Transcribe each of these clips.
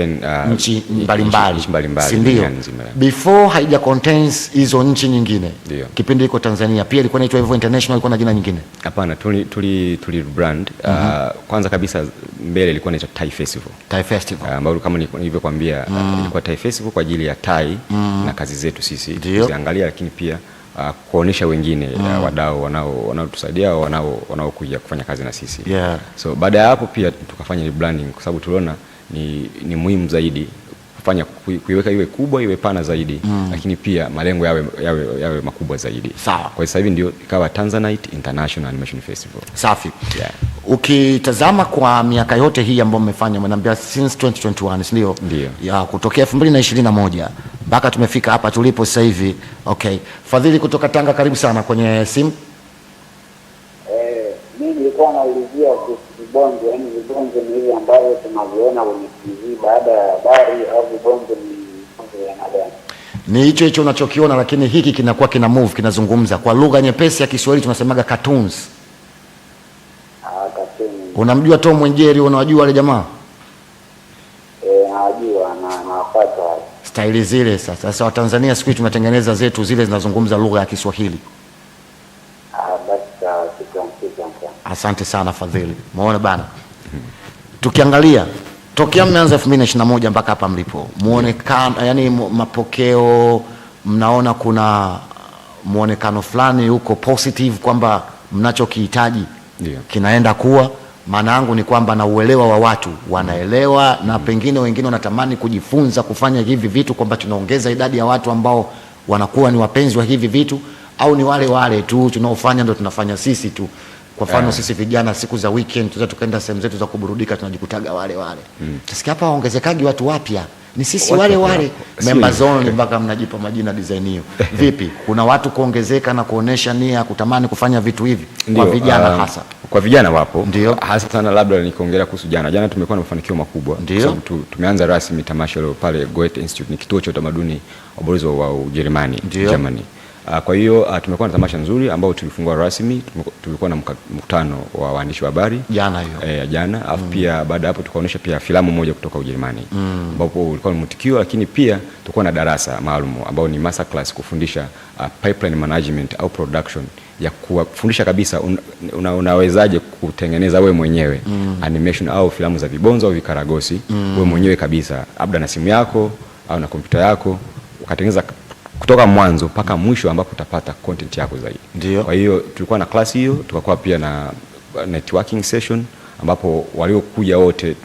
Uh, nchi mbalimbali mbali, si ndio? Before haija contains hizo nchi nyingine dio. Kipindi iko Tanzania pia ilikuwa inaitwa hivyo international, ilikuwa na jina nyingine? Hapana, tuli tuli tuli brand mm -hmm. uh, mhm. Kwanza kabisa mbele ilikuwa inaitwa Thai Festival, Thai Festival uh, ambayo uh, kama nilivyokuambia mm. uh, ilikuwa Thai Festival kwa ajili ya Thai mm. na kazi zetu sisi tuziangalia, lakini pia Uh, kuonesha wengine uh, mm. uh, wadau wanao wanaotusaidia wanao wanaokuja kufanya kazi na sisi yeah. So baada ya hapo pia tukafanya rebranding kwa sababu tuliona ni, ni muhimu zaidi kufanya kuiweka iwe kubwa iwe pana zaidi mm. Lakini pia malengo yawe, yawe, yawe makubwa zaidi. Sawa. Kwa sasa hivi ndio ikawa Tanzanite International Animation Festival. Safi. Yeah. Ukitazama kwa miaka yote hii ambayo mmefanya mnaambia since 2021 si ndio? Ya kutokea 2021 mpaka tumefika hapa tulipo sasa hivi. Okay. Fadhili kutoka Tanga karibu sana kwenye simu nilikuwa naulizia kuhusu vibonzo, yaani vibonzo ni hivi ambavyo tunaviona kwenye TV baada ya habari, au vibonzo ni vibonzo ya nadani Ni hicho hicho unachokiona, lakini hiki kinakuwa kina move, kinazungumza kwa lugha nyepesi ya Kiswahili tunasemaga cartoons. Ah, Unamjua Tom Mwenjeri? Unawajua wale jamaa? Eh, nawajua na nawafuata. Staili zile sasa. Sasa Watanzania siku hizi tumetengeneza zetu zile zinazungumza lugha ya Kiswahili. Asante sana Fadhili. Muone bana, tukiangalia tokea mmeanza moja mpaka hapa mlipo, muonekano yani mapokeo, mnaona kuna muonekano fulani huko positive kwamba mnachokihitaji yeah, kinaenda kuwa maana yangu ni kwamba na uelewa wa watu wanaelewa, na pengine wengine wanatamani kujifunza kufanya hivi vitu, kwamba tunaongeza idadi ya watu ambao wanakuwa ni wapenzi wa hivi vitu, au ni wale wale tu tunaofanya ndo tunafanya sisi tu. Kwa mfano yeah. Sisi vijana siku za weekend tuza tukaenda sehemu zetu za kuburudika, tunajikutaga wale wale mm. Tasikia hapa waongezekaji watu wapya ni sisi wale wale memba zone mpaka mnajipa majina design hiyo. Vipi, kuna watu kuongezeka na kuonesha nia ya kutamani kufanya vitu hivi kwa vijana uh, hasa kwa vijana wapo Ndiyo. hasa sana, labda nikiongelea kuhusu jana jana, tumekuwa na mafanikio makubwa kwa sababu tumeanza rasmi tamasha leo pale Goethe Institute, ni kituo cha utamaduni wa wa Ujerumani Germany Ah, kwa hiyo uh, tumekuwa na tamasha nzuri ambayo tulifungua rasmi. Tulikuwa na mkutano wa waandishi wa habari jana hiyo e, jana alafu mm. pia baada hapo tukaonyesha pia filamu moja kutoka Ujerumani mm. ambapo mm. ulikuwa ni mtikio, lakini pia tulikuwa na darasa maalum ambao ni master class kufundisha uh, pipeline management au production ya kuwafundisha kabisa un, una, unawezaje kutengeneza we mwenyewe mm. animation au filamu za vibonzo au vikaragosi mm. we mwenyewe kabisa, labda na simu yako au na kompyuta yako ukatengeneza kutoka mwanzo mpaka mwisho ambapo utapata content yako zaidi. Ndio. Kwa hiyo tulikuwa na klasi hiyo, tukakuwa pia na uh, networking session ambapo waliokuja wote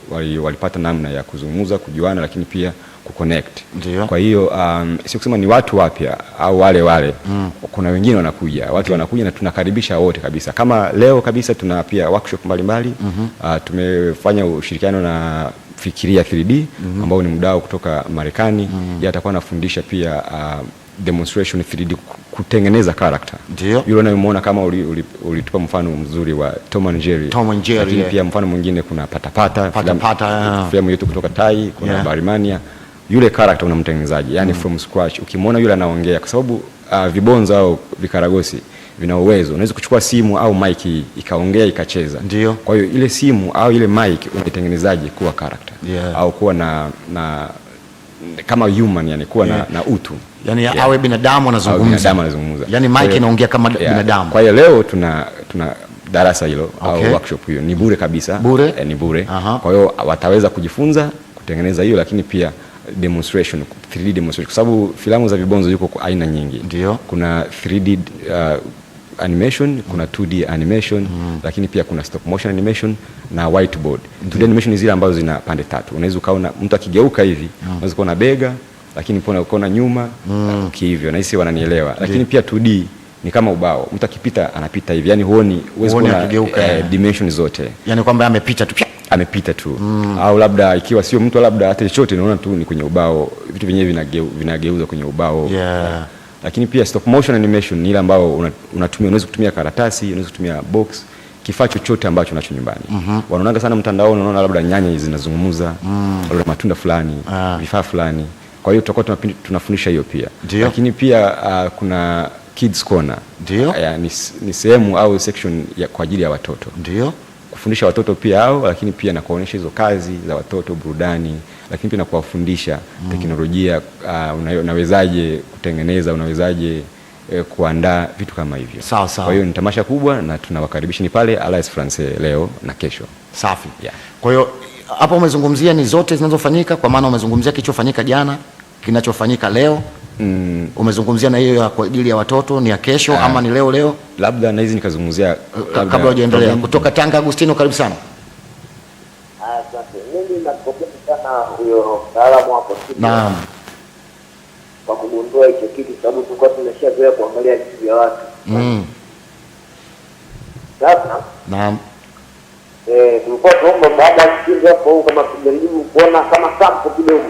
walipata namna ya kuzungumza, kujuana, lakini pia kuconnect. Ndio. Kwa hiyo um, sio kusema ni watu wapya au wale wale mm. Kuna wengine wanakuja watu wanakuja na tunakaribisha wote kabisa. Kama leo kabisa tuna pia workshop mbalimbali mm -hmm. Uh, tumefanya ushirikiano na Fikiria 3D mm -hmm. ambao ni mdau kutoka Marekani mm -hmm. yeye atakuwa anafundisha pia uh, demonstration 3D kutengeneza character. Ndio. Yule naye kama ulitupa uli, uli mfano mzuri wa Tom and Jerry. Tom and Jerry. Lakini yeah. Pia mfano mwingine kuna patapata pata, pata, filamu yetu kutoka Tai kuna yeah. Barimania yule character unamtengenezaje? Yani mm. from scratch ukimwona yule anaongea kwa sababu uh, vibonzo au vikaragosi vina uwezo, unaweza kuchukua simu au mic ikaongea ikacheza. Ndio. Kwa hiyo ile simu au ile mic unaitengenezaje kuwa character yeah. au kuwa na, na kama human yani kuwa yeah. na, na utu yani ya yeah. awe binadamu anazungumza yani mike inaongea kama yeah. binadamu kwa hiyo leo tuna, tuna darasa hilo okay. au workshop hiyo ni bure kabisa bure. Eh, ni bure Aha. kwa hiyo wataweza kujifunza kutengeneza hiyo lakini pia demonstration 3D demonstration kwa sababu filamu za vibonzo yuko kwa aina nyingi ndio kuna 3D uh, animation kuna 2D animation mm. lakini pia kuna stop motion animation na whiteboard mm. 2D animation ni zile ambazo zina pande tatu unaweza ukaona mtu akigeuka hivi mm. unaweza kuona bega lakini pona ukona nyuma mm. kihivyo nahisi wananielewa, lakini yeah. pia 2D ni kama ubao, mtu akipita anapita hivi, yani huoni huwezi kuona eh, dimension zote, yani kwamba amepita tu amepita tu mm. au labda ikiwa sio mtu labda hata chochote, unaona tu ni kwenye ubao, vitu vyenyewe vinageu, vinageuzwa kwenye ubao yeah. lakini pia stop motion animation ni ile ambayo unatumia, unaweza kutumia karatasi, unaweza kutumia box kifaa chochote ambacho unacho nyumbani. mm -hmm. Wanaonaga sana mtandaoni, unaona labda nyanya zinazungumza, mm. labda matunda fulani ah. vifaa fulani kwa hiyo tutakuwa tunafundisha hiyo pia. Dio. Lakini pia uh, kuna kids corner. Ndio. Uh, ni, ni sehemu au section ya, kwa ajili ya watoto. Ndio. Kufundisha watoto pia hao, lakini pia na kuwaonyesha hizo kazi za watoto, burudani, lakini pia na kuwafundisha mm. teknolojia uh, una, unawezaje kutengeneza, unawezaje eh, kuandaa vitu kama hivyo. Sawa sawa. Kwa hiyo ni tamasha kubwa na tunawakaribisha, ni pale Alliance Francaise leo na kesho. Safi. Yeah. Kwa hiyo hapo umezungumzia ni zote zinazofanyika, kwa maana umezungumzia kilichofanyika jana kinachofanyika leo mm. Umezungumzia na hiyo kwa ajili ya watoto ni ya kesho Aa, ah. ama ni leo leo? Labda na hizi nikazungumzia uh, kabla hujaendelea. Kutoka Tanga, Agustino, karibu sana. Naam. Kwa kugundua hicho kitu sababu tulikuwa tumeshazoea kuangalia vitu vya watu. Mm. Sasa. Naam. Eh, tulikuwa tuomba baada ya kipindi hapo kama tujaribu kuona kama sample kidogo.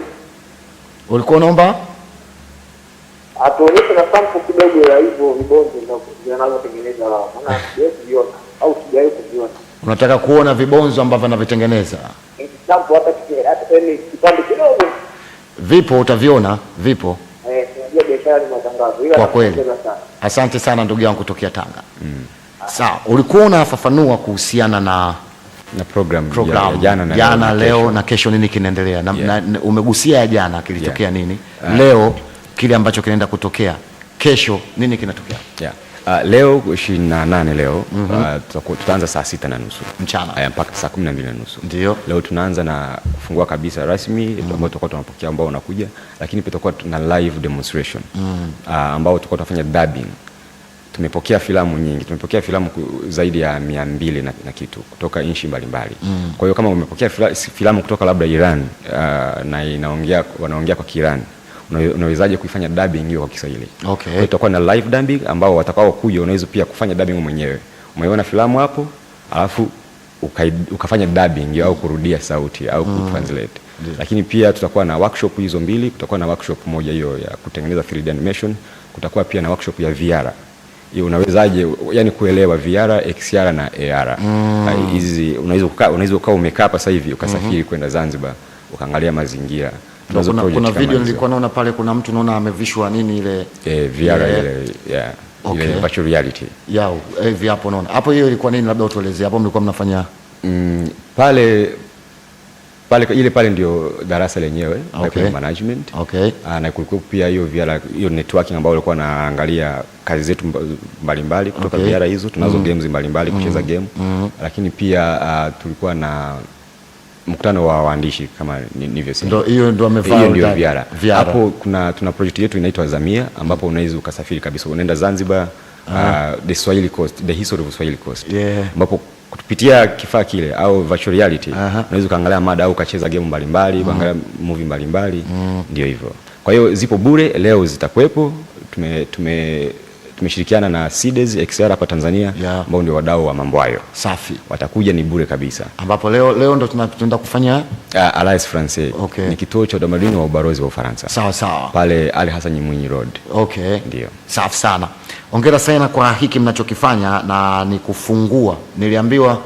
Ulikuwa unaomba atuonyeshe na sample kidogo ya hivyo vibonzo vinavyotengeneza wao, maana sijawahi kuviona au sijawahi kuviona. Unataka kuona vibonzo ambavyo anavitengeneza sample, hata kipande kidogo vipo, utaviona vipo. Eh, kwa kweli, asante sana ndugu yangu kutokea Tanga. Mm. Sawa, ulikuwa unafafanua kuhusiana na na program, program. Ya, jana, na jana leo, leo, na kesho nini kinaendelea na, yeah. na, umegusia ya jana kilitokea yeah. nini uh, leo kile ambacho kinaenda kutokea kesho nini kinatokea yeah. Uh, leo ishirini na nane leo mm -hmm. uh, mhm. tutaanza saa sita na nusu mchana uh, mpaka saa kumi na mbili na nusu ndio leo tunaanza na kufungua kabisa rasmi mm -hmm. ambao tutakuwa tunapokea ambao wanakuja, lakini pia tutakuwa na live demonstration mm -hmm. uh, ambao tutakuwa tunafanya dubbing tumepokea filamu nyingi, tumepokea filamu zaidi ya mia mbili na, na kitu kutoka nchi mbalimbali mm. Kwa hiyo kama umepokea filamu kutoka labda Iran uh, na inaongea wanaongea kwa Kiirani unawezaje kuifanya dubbing hiyo kwa Kiswahili? Okay. itakuwa na live dubbing ambao watakao kuja unaweza pia kufanya dubbing mwenyewe. umeona filamu hapo, alafu uka, ukafanya dubbing au kurudia sauti au mm. kutranslate. Yeah. Lakini pia tutakuwa na workshop hizo mbili, kutakuwa na workshop moja hiyo ya kutengeneza 3D animation, kutakuwa pia na workshop ya VR unawezaje yani kuelewa VR, XR na AR mm. ah, hizi mm. Unaweza kukaa unaweza kukaa umekaa hapa sasa hivi ukasafiri mm -hmm. kwenda Zanzibar ukaangalia mazingira kuna, kuna video nilikuwa naona pale kuna mtu naona amevishwa nini ile eh, VR ile, ile yeah okay. ile virtual reality yao eh, hivi hapo naona hapo hiyo ilikuwa nini labda utuelezee hapo mlikuwa mnafanya mm, pale pale ile pale ndio darasa lenyewe okay. management okay. Ah, na kulikuwa pia hiyo via hiyo networking ambayo walikuwa naangalia kazi zetu mbalimbali kutoka okay. viara hizo tunazo mm. games mbalimbali mm. kucheza game mm. lakini pia uh, tulikuwa na mkutano wa waandishi kama nilivyosema, hiyo ndio amevaa ndio amefanya hapo. Kuna tuna project yetu inaitwa Zamia, ambapo unaweza ukasafiri kabisa, unaenda Zanzibar, uh, the Swahili Coast, the history of Swahili Coast ambapo yeah kupitia kifaa kile au virtual reality unaweza ukaangalia mada au ukacheza game mbalimbali, mm. ukaangalia movie mbalimbali, mm. ndio hivyo. Kwa hiyo zipo bure, leo zitakuwepo tume, tume tumeshirikiana na Cides XR hapa Tanzania ambao ndio wadau wa mambo hayo. Safi. Watakuja ni bure kabisa. Ambapo leo leo ndo tunaenda kufanya uh, Alliance Francaise. Okay. Ni kituo cha utamaduni wa ubalozi wa Ufaransa. Sawa sawa. Pale Ali Hassan Mwinyi Road. Okay. Ndio. Safi sana. Hongera sana kwa hiki mnachokifanya na ni kufungua. Niliambiwa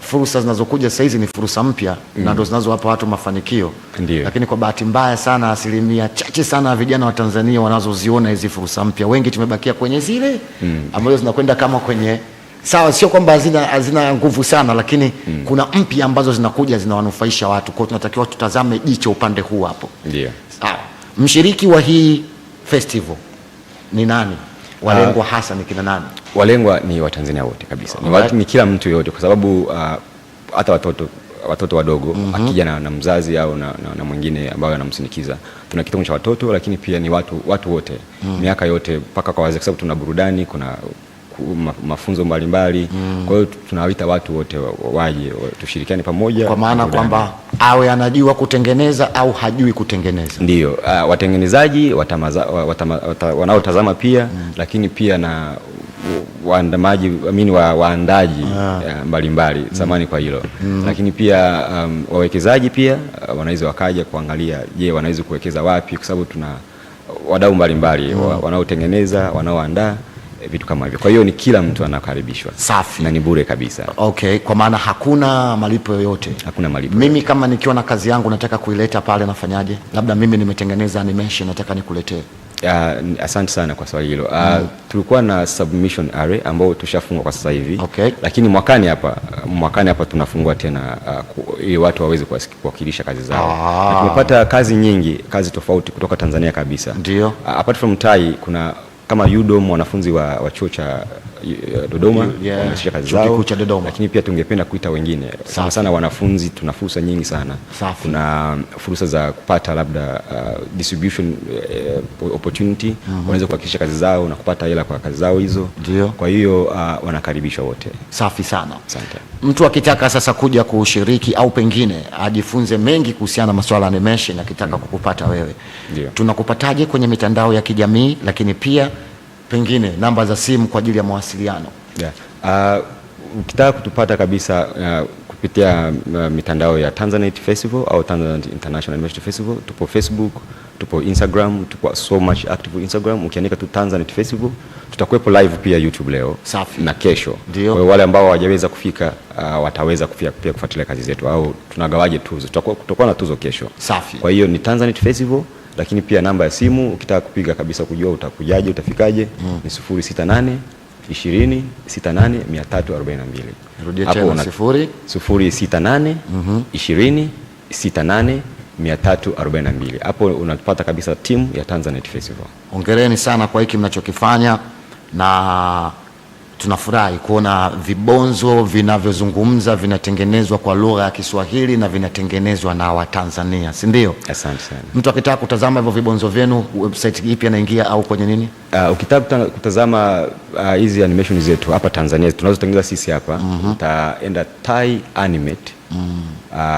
fursa zinazokuja sasa hizi ni fursa mpya mm. na ndo zinazowapa watu mafanikio Ndiyo. Lakini kwa bahati mbaya sana asilimia chache sana ya vijana wa Tanzania wanazoziona hizi fursa mpya, wengi tumebakia kwenye zile mm. ambazo zinakwenda kama kwenye sawa, sio kwamba hazina, hazina nguvu sana lakini mm. kuna mpya ambazo zinakuja zinawanufaisha watu, kwa tunatakiwa tutazame jicho upande huu hapo. Ndiyo. Sawa, mshiriki wa hii festival ni nani? Walengwa uh, hasa ni kina nani? Walengwa ni Watanzania wote kabisa. Ni, watu, ni kila mtu yote kwa sababu ah, hata uh, watoto watoto wadogo mm -hmm. Akija na, na mzazi au na, na, na mwingine ambayo anamsindikiza, tuna kitengo cha watoto, lakini pia ni watu watu wote mhm. miaka yote mpaka kwa wazee, kwa sababu tuna burudani, kuna mafunzo mbalimbali mm. Kwa hiyo tunawaita watu wote waje tushirikiane pamoja, kwa maana kwamba awe anajua kutengeneza au hajui kutengeneza, ndio uh, watengenezaji wanaotazama pia mm. Lakini pia na waandamaji amini wa, waandaji ah. mbalimbali yeah. Samani mm. kwa hilo mm. Lakini pia um, wawekezaji pia uh, wanaweza wakaja kuangalia, je, wanaweza kuwekeza wapi, kwa sababu tuna wadau mbalimbali mm. wanaotengeneza wanaoandaa Eh, vitu kama hivyo. Kwa hiyo ni kila mtu anakaribishwa. Safi. Na ni bure kabisa. Okay, kwa maana hakuna malipo yoyote. Hakuna malipo. Mimi kama nikiwa na kazi yangu nataka kuileta pale nafanyaje? Labda mimi nimetengeneza animation nataka nikuletee. Uh, asante sana kwa swali hilo. Uh, mm. Tulikuwa na submission array ambao tushafungwa kwa sasa hivi. Okay. Lakini mwakani hapa mwakani hapa tunafungua tena uh, ili watu waweze kuwakilisha kazi zao. Ah. Tumepata kazi nyingi, kazi tofauti kutoka Tanzania kabisa. Ndio. Uh, apart from Tai kuna kama UDOM wanafunzi wa, wa chuo cha Dodoma wanashika kazi zao, lakini pia tungependa kuita wengine sana sana wanafunzi. Tuna fursa nyingi sana, kuna um, fursa za kupata labda uh, distribution uh, opportunity mm -hmm. wanaweza kuhakikisha kazi zao na kupata hela kwa kazi zao hizo, Dio. Kwa hiyo uh, wanakaribishwa wote. Safi sana, asante. Mtu akitaka sasa kuja kushiriki au pengine ajifunze mengi kuhusiana na masuala ya animation akitaka mm. kukupata wewe, tunakupataje kwenye mitandao ya kijamii, lakini pia pengine namba za simu kwa ajili ya mawasiliano? Yeah. Uh, ukitaka kutupata kabisa uh, kupitia uh, mitandao ya Tanzanite Festival au Tanzanite International Animation Festival, tupo Facebook, tupo Instagram, tupo so much active Instagram. Ukiandika tu Tanzanite Festival, tutakuwepo live pia YouTube leo Safi. na kesho. Kwa wale ambao hawajaweza kufika uh, wataweza kufika pia kufuatilia kazi zetu, au tunagawaje tuzo? Tutakuwa na tuzo kesho Safi. Kwa hiyo ni Tanzanite Festival lakini pia namba ya simu ukitaka kupiga kabisa kujua utakujaje utafikaje, mm. ni 068 20 68 342. Hapo una 68 342. Mhm. Hapo unapata kabisa timu ya Tanzanite Festival. Hongereni sana kwa hiki mnachokifanya na tunafurahi kuona vibonzo vinavyozungumza vinatengenezwa kwa lugha ya Kiswahili na vinatengenezwa na Watanzania, si ndio? Asante sana. Mtu akitaka kutazama hivyo vibonzo vyenu, website ipi anaingia au kwenye nini? Uh, ukitaka kutazama uh, hizi uh, animation zetu hapa Tanzania tunazotengeneza sisi hapa mm -hmm. utaenda Tai Animate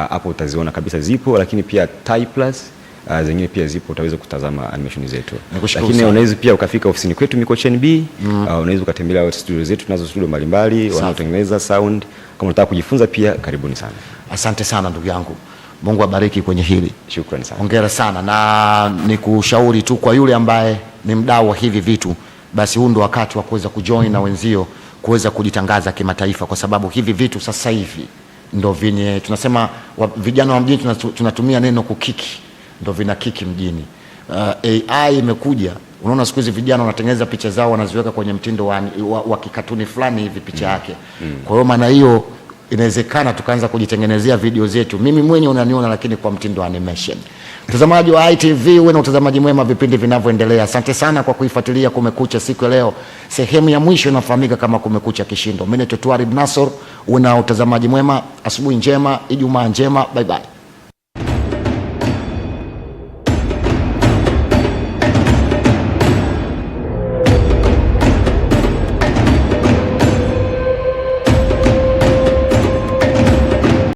hapo mm. uh, utaziona kabisa zipo, lakini pia Thai Plus uh, ah, zenyewe pia zipo, utaweza kutazama animation zetu, lakini unaweza pia ukafika ofisini kwetu Mikocheni B mm. uh, unaweza ukatembelea studio zetu, tunazo studio mbalimbali wanaotengeneza sound. Kama unataka kujifunza pia, karibuni sana. Asante sana ndugu yangu, Mungu abariki kwenye hili. Shukrani sana, hongera sana, na nikushauri tu kwa yule ambaye ni mdau wa hivi vitu, basi huu ndo wakati wa kuweza kujoin mm. na wenzio kuweza kujitangaza kimataifa, kwa sababu hivi vitu sasa hivi ndo vyenye tunasema wa, vijana wa mjini tunatumia neno kukiki ndo kiki mjini. Uh, AI imekuja unaona siku hizi vijana wanatengeneza picha zao wanaziweka kwenye mtindo wa, wa, wa kikatuni fulani hivi picha mm. yake mm. Kwa hiyo maana hiyo inawezekana tukaanza kujitengenezea video zetu. Mimi mwenye unaniona lakini kwa mtindo wa animation. Mtazamaji wa ITV, uwe na utazamaji mwema vipindi vinavyoendelea. Asante sana kwa kuifuatilia Kumekucha siku ya leo. Sehemu ya mwisho inafahamika kama Kumekucha Kishindo. Mimi ni Twari Nasor, uwe na utazamaji mwema, asubuhi njema, Ijumaa njema, bye bye.